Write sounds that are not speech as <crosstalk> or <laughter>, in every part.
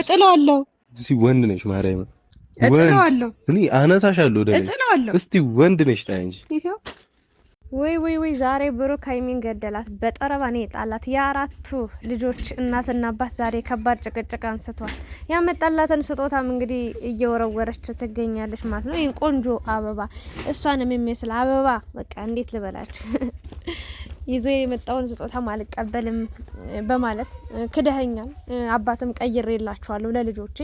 እጥለዋለሁ። እስኪ ወንድ ነሽ ማርያም፣ እጥለዋለሁ። እኔ አነሳሻለሁ፣ እጥለዋለሁ። እስቲ ወንድ ነሽ ታይ እንጂ ወይ ወይ ወይ! ዛሬ ብሩክ ሀይሚን ገደላት በጠረባ ነው የጣላት። የአራቱ ልጆች እናትና አባት ዛሬ ከባድ ጭቅጭቅ አንስቷል። ያመጣላትን ስጦታም እንግዲህ እየወረወረች ትገኛለች ማለት ነው። ይህን ቆንጆ አበባ እሷንም የሚመስል አበባ በቃ እንዴት ልበላችሁ ይዞ የመጣውን ስጦታም አልቀበልም በማለት ክደኸኛል፣ አባትም ቀይር የላችኋለሁ ለልጆቼ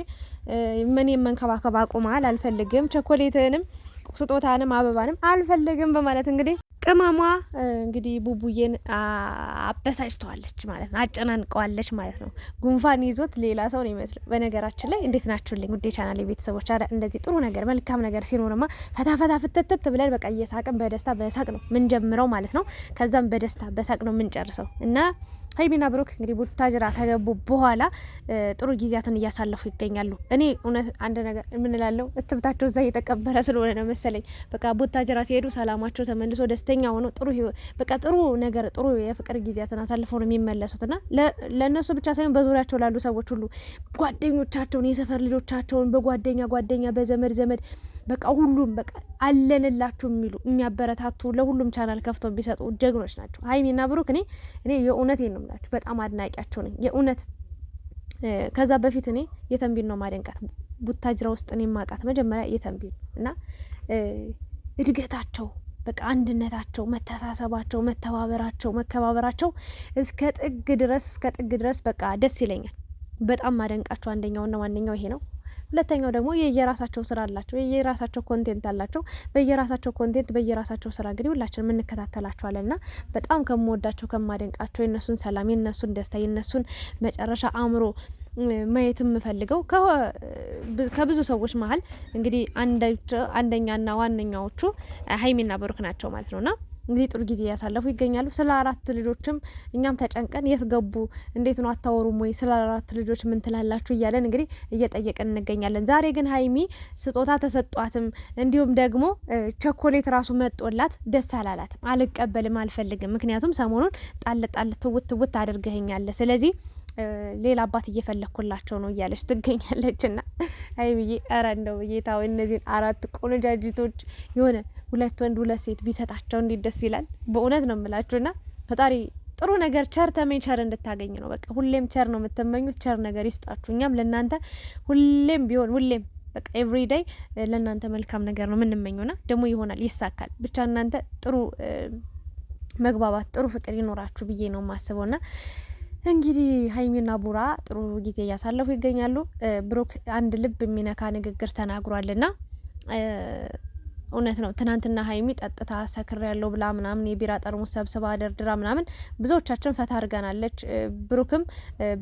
ምን የመንከባከብ አቁመሃል፣ አልፈልግም፣ ቸኮሌትንም ስጦታንም አበባንም አልፈልግም በማለት እንግዲህ ቅመሟ እንግዲህ ቡቡዬን አበሳጭተዋለች ማለት ነው፣ አጨናንቀዋለች ማለት ነው። ጉንፋን ይዞት ሌላ ሰው ነው ይመስለው። በነገራችን ላይ እንዴት ናችሁልኝ ውዴ ቻናል ቤተሰቦች? ኧረ እንደዚህ ጥሩ ነገር መልካም ነገር ሲኖርማ ፈታፈታ ፍትትት ብለን በቃ እየሳቅን በደስታ በሳቅ ነው ምንጀምረው ማለት ነው። ከዛም በደስታ በሳቅ ነው ምንጨርሰው እና ሀይሚና ብሩክ እንግዲህ ቡታጅራ ከገቡ በኋላ ጥሩ ጊዜያትን እያሳለፉ ይገኛሉ። እኔ እውነት አንድ ነገር የምንላለው እትብታቸው እዛ እየተቀበረ ስለሆነ ነው መሰለኝ። በቃ ቡታጅራ ሲሄዱ ሰላማቸው ተመልሶ ደስተኛ ሆኖ ጥሩ በቃ ጥሩ ነገር ጥሩ የፍቅር ጊዜያትን አሳልፈው ነው የሚመለሱት እና ለእነሱ ብቻ ሳይሆን በዙሪያቸው ላሉ ሰዎች ሁሉ ጓደኞቻቸውን፣ የሰፈር ልጆቻቸውን በጓደኛ ጓደኛ በዘመድ ዘመድ በቃ ሁሉም በቃ አለንላችሁ የሚሉ የሚያበረታቱ ለሁሉም ቻናል ከፍቶ የሚሰጡ ጀግኖች ናቸው። ሀይሚና ብሩክ እኔ እኔ የእውነት ነው የምላችሁ በጣም አድናቂያቸው ነኝ የእውነት ከዛ በፊት እኔ የተንቢን ነው ማደንቃት ቡታጅራ ውስጥ እኔ ማቃት መጀመሪያ የተንቢን እና እድገታቸው በቃ አንድነታቸው፣ መተሳሰባቸው፣ መተባበራቸው፣ መከባበራቸው እስከ ጥግ ድረስ እስከ ጥግ ድረስ በቃ ደስ ይለኛል። በጣም ማደንቃቸው አንደኛውና ዋነኛው ይሄ ነው። ሁለተኛው ደግሞ የየራሳቸው ስራ አላቸው፣ የየራሳቸው ኮንቴንት አላቸው። በየራሳቸው ኮንቴንት በየራሳቸው ስራ እንግዲህ ሁላችንም እንከታተላቸዋለን እና በጣም ከምወዳቸው ከማደንቃቸው የነሱን ሰላም፣ የነሱን ደስታ፣ የነሱን መጨረሻ አእምሮ ማየት የምፈልገው ከብዙ ሰዎች መሀል እንግዲህ አንደኛና ዋነኛዎቹ ሀይሚና ብሩክ ናቸው ማለት ነውና እንግዲህ ጥሩ ጊዜ እያሳለፉ ይገኛሉ። ስለ አራት ልጆችም እኛም ተጨንቀን የት ገቡ እንዴት ነው አታወሩም ወይ ስለ አራት ልጆች ምን ትላላችሁ እያለን እንግዲህ እየጠየቅን እንገኛለን። ዛሬ ግን ሀይሚ ስጦታ ተሰጧትም እንዲሁም ደግሞ ቸኮሌት ራሱ መጦላት ደስ አላላትም። አልቀበልም፣ አልፈልግም። ምክንያቱም ሰሞኑን ጣል ጣል ትውት ትውት አድርገኛለ ስለዚህ ሌላ አባት እየፈለግኩላቸው ነው እያለች ትገኛለች። ና አይ ብዬ ኧረ እንደው ጌታ ወይ እነዚህን አራት ቆነጃጅቶች የሆነ ሁለት ወንድ ሁለት ሴት ቢሰጣቸው እንዴት ደስ ይላል! በእውነት ነው የምላችሁ። ና ፈጣሪ ጥሩ ነገር ቸር ተመኝ ቸር እንድታገኝ ነው። በቃ ሁሌም ቸር ነው የምትመኙት፣ ቸር ነገር ይስጣችሁ። እኛም ለእናንተ ሁሌም ቢሆን ሁሌም በቃ ኤቭሪ ዴይ ለእናንተ መልካም ነገር ነው የምንመኘው። ና ደግሞ ይሆናል ይሳካል። ብቻ እናንተ ጥሩ መግባባት፣ ጥሩ ፍቅር ይኖራችሁ ብዬ ነው የማስበው ና እንግዲህ ሀይሚና ቡራ ጥሩ ጊዜ እያሳለፉ ይገኛሉ። ብሩክ አንድ ልብ የሚነካ ንግግር ተናግሯልና እውነት ነው። ትናንትና ሀይሚ ጠጥታ ሰክር ያለው ብላ ምናምን የቢራ ጠርሙስ ሰብስባ ደርድራ ምናምን ብዙዎቻችን ፈታ አድርገናለች። ብሩክም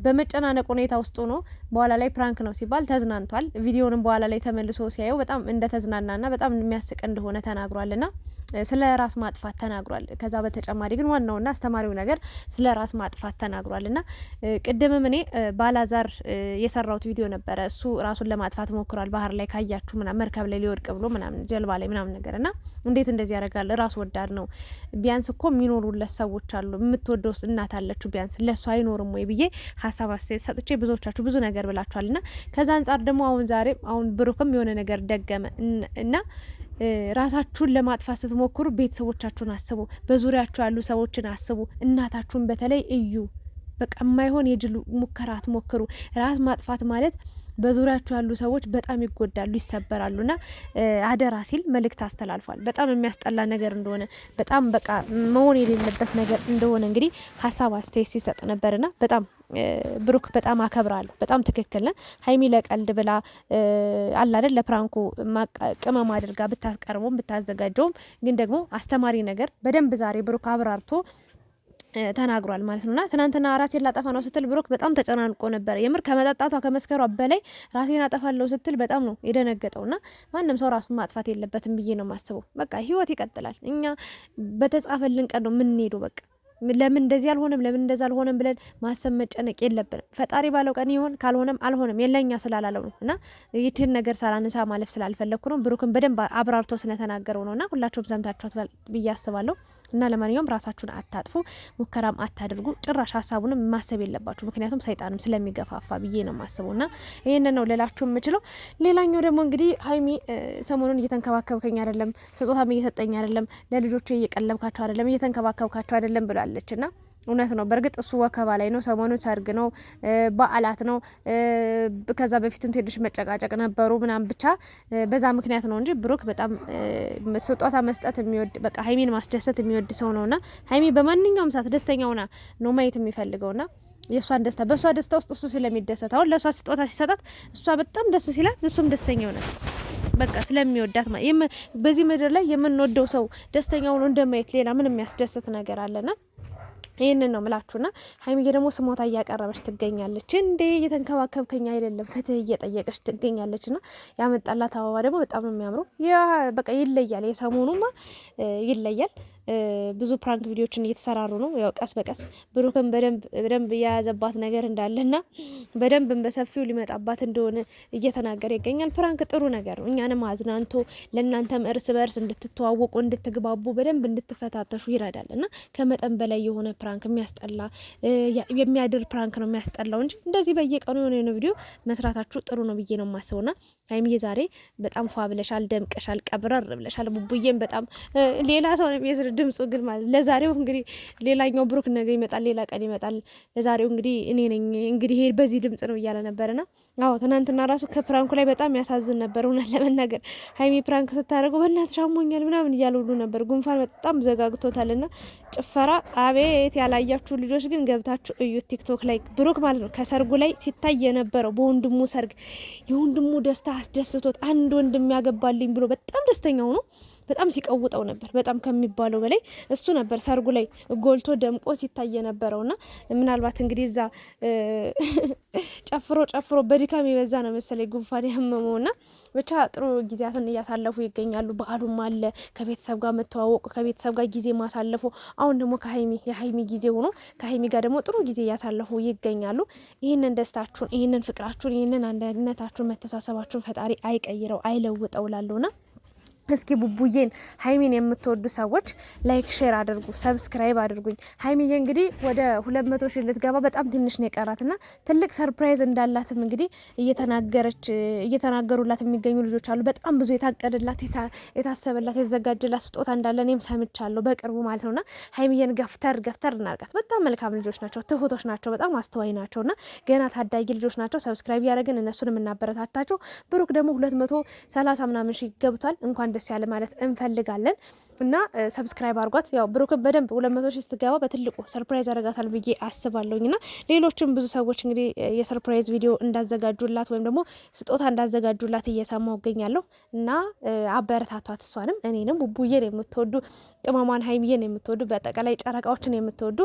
በመጨናነቅ ሁኔታ ውስጥ ሆኖ በኋላ ላይ ፕራንክ ነው ሲባል ተዝናንቷል። ቪዲዮንም በኋላ ላይ ተመልሶ ሲያየው በጣም እንደተዝናናና በጣም የሚያስቅ እንደሆነ ተናግሯልና ስለ ራስ ማጥፋት ተናግሯል። ከዛ በተጨማሪ ግን ዋናውና አስተማሪው ነገር ስለ ራስ ማጥፋት ተናግሯል እና ቅድምም እኔ ባላዛር የሰራውት ቪዲዮ ነበረ። እሱ ራሱን ለማጥፋት ሞክሯል። ባህር ላይ ካያችሁ ምናምን መርከብ ላይ ሊወድቅ ብሎ ምናምን ጀልባ ላይ ምናምን ነገር እና እንዴት እንደዚህ ያደርጋል? ራስ ወዳድ ነው። ቢያንስ እኮ የሚኖሩለት ሰዎች አሉ። የምትወደው እናት አለችው። ቢያንስ ለእሱ አይኖርም ወይ ብዬ ሀሳብ አስተያየት ሰጥቼ ብዙዎቻችሁ ብዙ ነገር ብላችኋል እና ከዛ አንጻር ደግሞ አሁን ዛሬ አሁን ብሩክም የሆነ ነገር ደገመ እና ራሳችሁን ለማጥፋት ስትሞክሩ ቤተሰቦቻችሁን አስቡ፣ በዙሪያችሁ ያሉ ሰዎችን አስቡ። እናታችሁን በተለይ እዩ። በቃ የማይሆን የድል ሙከራ አትሞክሩ። ራስ ማጥፋት ማለት በዙሪያቸው ያሉ ሰዎች በጣም ይጎዳሉ፣ ይሰበራሉና አደራ ሲል መልእክት አስተላልፏል። በጣም የሚያስጠላ ነገር እንደሆነ በጣም በቃ መሆን የሌለበት ነገር እንደሆነ እንግዲህ ሀሳብ አስተያየት ሲሰጥ ና በጣም ብሩክ በጣም አከብራለሁ። በጣም ትክክል ነህ። ሀይሚ ለቀልድ ብላ አላደል ለፕራንኩ ቅመም አድርጋ ብታስቀርበውም ብታዘጋጀውም ግን ደግሞ አስተማሪ ነገር በደንብ ዛሬ ብሩክ አብራርቶ ተናግሯል ማለት ነውና ትናንትና ራሴን ላጠፋ ነው ስትል ብሩክ በጣም ተጨናንቆ ነበር። የምር ከመጠጣቷ ከመስከሯ በላይ ራሴን አጠፋለሁ ስትል በጣም ነው የደነገጠውና ማንም ሰው ራሱን ማጥፋት የለበትም ብዬ ነው የማስበው። በቃ ህይወት ይቀጥላል። እኛ በተጻፈልን ቀን ነው የምንሄደው። በቃ ለምን እንደዚህ አልሆነም፣ ለምን እንደዛ አልሆነም ብለን ማሰብ መጨነቅ የለብንም። ፈጣሪ ባለው ቀን ይሆን ካልሆነም አልሆነም የለኛ ስላላለው ነው እና ይህን ነገር ሳላነሳ ማለፍ ስላልፈለግኩ ነው። ብሩክን በደንብ አብራርቶ ስለተናገረው ነው እና ሁላችሁም ሰምታችኋት ብዬ አስባለሁ። እና ለማንኛውም ራሳችሁን አታጥፉ፣ ሙከራም አታድርጉ። ጭራሽ ሀሳቡንም ማሰብ የለባችሁ ምክንያቱም ሰይጣንም ስለሚገፋፋ ብዬ ነው ማስበው እና ይህንን ነው ልላችሁ የምችለው። ሌላኛው ደግሞ እንግዲህ ሀይሚ ሰሞኑን እየተንከባከብከኝ አይደለም፣ ስጦታም እየሰጠኝ አይደለም፣ ለልጆቼ እየቀለብካቸው አይደለም፣ እየተንከባከብካቸው አይደለም ብላለች እና እውነት ነው። በእርግጥ እሱ ወከባ ላይ ነው። ሰሞኑ ሰርግ ነው፣ በዓላት ነው። ከዛ በፊትም ትንሽ መጨቃጨቅ ነበሩ ምናምን። ብቻ በዛ ምክንያት ነው እንጂ ብሩክ በጣም ስጦታ መስጠት የሚወድ በቃ ሀይሚን ማስደሰት የሚወድ ሰው ነውና ሀይሚ በማንኛውም ሰዓት ደስተኛ ሆና ነው ማየት የሚፈልገውና የእሷን ደስታ በእሷ ደስታ ውስጥ እሱ ስለሚደሰት አሁን ለእሷ ስጦታ ሲሰጣት እሷ በጣም ደስ ሲላት እሱም ደስተኛ ይሆናል። በቃ ስለሚወዳት በዚህ ምድር ላይ የምንወደው ሰው ደስተኛ ሆኖ እንደማየት ሌላ ምን የሚያስደስት ነገር አለና ይህንን ነው ምላችሁና ሀይሚዬ ደግሞ ስሞታ እያቀረበች ትገኛለች። እንዴ እየተንከባከብከኝ አይደለም ፍትህ እየጠየቀች ትገኛለች። ና ያመጣላት አበባ ደግሞ በጣም ነው የሚያምረው። በቃ ይለያል፣ የሰሞኑማ ይለያል። ብዙ ፕራንክ ቪዲዮችን እየተሰራሩ ነው። ያው ቀስ በቀስ ብሩክን በደንብ የያዘባት ነገር እንዳለና በደንብም በሰፊው ሊመጣባት እንደሆነ እየተናገረ ይገኛል። ፕራንክ ጥሩ ነገር ነው። እኛንም አዝናንቶ ለእናንተም እርስ በርስ እንድትተዋወቁ፣ እንድትግባቡ፣ በደንብ እንድትፈታተሹ ይረዳል እና ከመጠን በላይ የሆነ ፕራንክ የሚያስጠላ የሚያድር ፕራንክ ነው የሚያስጠላው እንጂ እንደዚህ በየቀኑ የሆነ የሆነ ቪዲዮ መስራታችሁ ጥሩ ነው ብዬ ነው የማስበው። ና ሀይሚዬ ዛሬ በጣም ፏ ብለሻል፣ ደምቀሻል፣ ቀብረር ብለሻል። ቡቡዬም በጣም ሌላ ሰው ነው ድምፁ ግን ማለት ለዛሬው እንግዲህ ሌላኛው ብሩክ ነገ ይመጣል፣ ሌላ ቀን ይመጣል። ለዛሬው እንግዲህ እኔ ነኝ እንግዲህ ይሄ በዚህ ድምፅ ነው እያለ ነበርና አዎ ትናንትና ራሱ ከፕራንኩ ላይ በጣም ያሳዝን ነበር። እውነት ለመናገር ሀይሚ ፕራንክ ስታደርገው በእናትሽ አሞኛል ምናምን እያለ ሁሉ ነበር። ጉንፋን በጣም ዘጋግቶታልና ጭፈራ አቤት! ያላያችሁ ልጆች ግን ገብታችሁ እዩት ቲክቶክ ላይ ብሩክ ማለት ነው ከሰርጉ ላይ ሲታይ የነበረው በወንድሙ ሰርግ የወንድሙ ደስታ አስደስቶት አንድ ወንድም ያገባልኝ ብሎ በጣም ደስተኛው ነው። በጣም ሲቀውጠው ነበር። በጣም ከሚባለው በላይ እሱ ነበር ሰርጉ ላይ ጎልቶ ደምቆ ሲታይ የነበረውና ምናልባት እንግዲህ እዛ <laughs> ጨፍሮ ጨፍሮ በድካም የበዛ ነው መሰለኝ ጉንፋን ያመመውና ብቻ ጥሩ ጊዜያትን እያሳለፉ ይገኛሉ። በዓሉም አለ ከቤተሰብ ጋር መተዋወቁ፣ ከቤተሰብ ጋር ጊዜ ማሳለፉ፣ አሁን ደግሞ ከሀይሚ የሀይሚ ጊዜ ሆኖ ከሀይሚ ጋር ደግሞ ጥሩ ጊዜ እያሳለፉ ይገኛሉ። ይህንን ደስታችሁን፣ ይህንን ፍቅራችሁን፣ ይህንን አንድነታችሁን፣ መተሳሰባችሁን ፈጣሪ አይቀይረው አይለውጠው ላለውና እስኪ ቡቡዬን ሀይሚን የምትወዱ ሰዎች ላይክ ሼር አድርጉ፣ ሰብስክራይብ አድርጉኝ። ሀይሚዬ እንግዲህ ወደ ሁለት መቶ ሺህ ልትገባ በጣም ትንሽ ነው የቀራትና ትልቅ ሰርፕራይዝ እንዳላትም እንግዲህ እየተናገረች እየተናገሩላት የሚገኙ ልጆች አሉ። በጣም ብዙ የታቀደላት የታሰበላት የተዘጋጀላት ስጦታ እንዳለ እኔም ሰምቻለሁ በቅርቡ ማለት ነውና ሀይሚዬን ገፍተር ገፍተር እናርጋት። በጣም መልካም ልጆች ናቸው፣ ትሁቶች ናቸው፣ በጣም አስተዋይ ናቸውና ገና ታዳጊ ልጆች ናቸው። ሰብስክራይብ ያደረግን እነሱን የምናበረታታቸው ብሩክ ደግሞ ሁለት መቶ ሰላሳ ምናምን ሺህ ገብቷል እንኳን ደስ ያለ ማለት እንፈልጋለን እና ሰብስክራይብ አድርጓት። ያው ብሩክን በደንብ ሁለት መቶ ሺህ ስትገባ በትልቁ ሰርፕራይዝ ያደርጋታል ብዬ አስባለሁኝ እና ሌሎችም ብዙ ሰዎች እንግዲህ የሰርፕራይዝ ቪዲዮ እንዳዘጋጁላት ወይም ደግሞ ስጦታ እንዳዘጋጁላት እየሰማሁ እገኛለሁ እና አበረታቷት። እሷንም እኔንም ቡቡዬን የምትወዱ ቅመሟን ሀይሚዬን የምትወዱ በአጠቃላይ ጨረቃዎችን የምትወዱ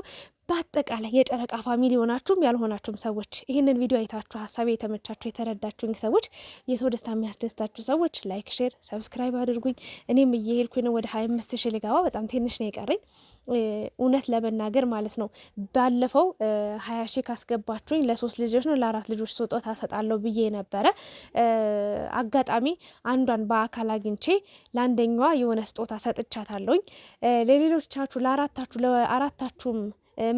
በአጠቃላይ የጨረቃ ፋሚሊ የሆናችሁም ያልሆናችሁም ሰዎች ይህንን ቪዲዮ አይታችሁ ሀሳቤ የተመቻችሁ የተረዳችሁኝ ሰዎች የሰው ደስታ የሚያስደስታችሁ ሰዎች ላይክ፣ ሼር፣ ሰብስክራይብ አድርጉኝ። እኔም እየሄድኩኝ ነው ወደ ሀያ አምስት ሺ ልገባ በጣም ትንሽ ነው የቀረኝ እውነት ለመናገር ማለት ነው። ባለፈው ሀያ ሺህ ካስገባችሁኝ ለሶስት ልጆች ነው ለአራት ልጆች ስጦታ ሰጣለሁ ብዬ ነበረ። አጋጣሚ አንዷን በአካል አግኝቼ ለአንደኛዋ የሆነ ስጦታ ሰጥቻታለሁኝ። ለሌሎቻችሁ ለአራታችሁ ለአራታችሁም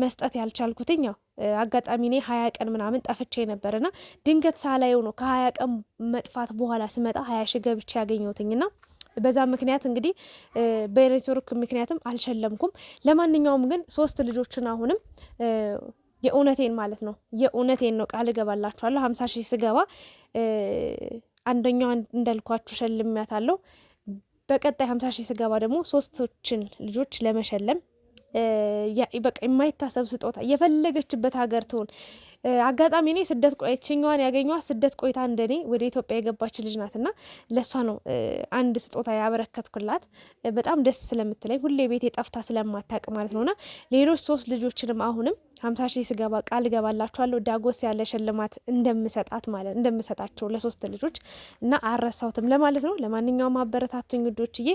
መስጠት ያልቻልኩትኝ ያው አጋጣሚ እኔ ሀያ ቀን ምናምን ጠፍቼ ነበር ነበርና ድንገት ሳላየው ነው ከሀያ ቀን መጥፋት በኋላ ስመጣ ሀያ ሺህ ገብቼ ና በዛ ምክንያት እንግዲህ በኔትወርክ ምክንያትም አልሸለምኩም። ለማንኛውም ግን ሶስት ልጆችን አሁንም የእውነቴን ማለት ነው የእውነቴን ነው ቃል እገባላችኋለሁ። ሀምሳ ሺህ ስገባ አንደኛው እንዳልኳችሁ ሸልሚያት አለው። በቀጣይ ሀምሳ ሺህ ስገባ ደግሞ ሶስቶችን ልጆች ለመሸለም በቃ የማይታሰብ ስጦታ የፈለገችበት ሀገር ትሆን። አጋጣሚ እኔ ስደት ቆየችኛዋን ያገኘኋት ስደት ቆይታ እንደኔ ወደ ኢትዮጵያ የገባች ልጅ ናት እና ለእሷ ነው አንድ ስጦታ ያበረከትኩላት በጣም ደስ ስለምትለኝ ሁሌ ቤት የጠፍታ ስለማታውቅ ማለት ነውና ሌሎች ሶስት ልጆችንም አሁንም ሀምሳ ሺህ ስገባ ቃል ገባላችኋለሁ ዳጎስ ያለ ሽልማት እንደምሰጣት ማለት እንደምሰጣቸው ለሶስት ልጆች እና አረሳውትም ለማለት ነው። ለማንኛውም አበረታቱኝ ውዶችዬ፣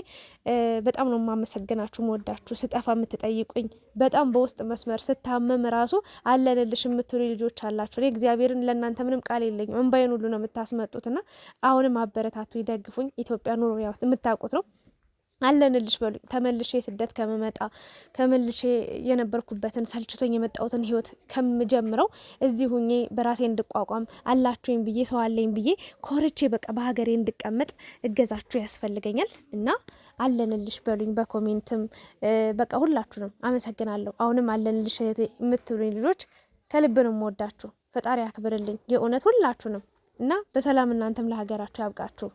በጣም ነው የማመሰግናችሁ፣ መወዳችሁ። ስጠፋ የምትጠይቁኝ በጣም በውስጥ መስመር ስታመም ራሱ አለንልሽ የምትሉ ልጆች አላችሁ። እኔ እግዚአብሔርን ለእናንተ ምንም ቃል የለኝም። እንባይን ሁሉ ነው የምታስመጡትና አሁንም አበረታቱ፣ ይደግፉኝ። ኢትዮጵያ ኑሮ ያው የምታውቁት ነው። አለንልሽ በሉኝ። ተመልሼ ስደት ከመመጣ ከመልሼ የነበርኩበትን ሰልችቶኝ የመጣሁትን ህይወት ከምጀምረው እዚህ ሁኜ በራሴ እንድቋቋም አላችሁኝ ብዬ ሰው አለኝ ብዬ ኮርቼ በቃ በሀገሬ እንድቀመጥ እገዛችሁ ያስፈልገኛል እና አለንልሽ በሉኝ። በኮሜንትም በቃ ሁላችሁንም አመሰግናለሁ። አሁንም አለንልሽ የምትሉኝ ልጆች ከልብ ነው የምወዳችሁ። ፈጣሪ ያክብርልኝ የእውነት ሁላችሁንም እና በሰላም እናንተም ለሀገራችሁ ያብቃችሁ።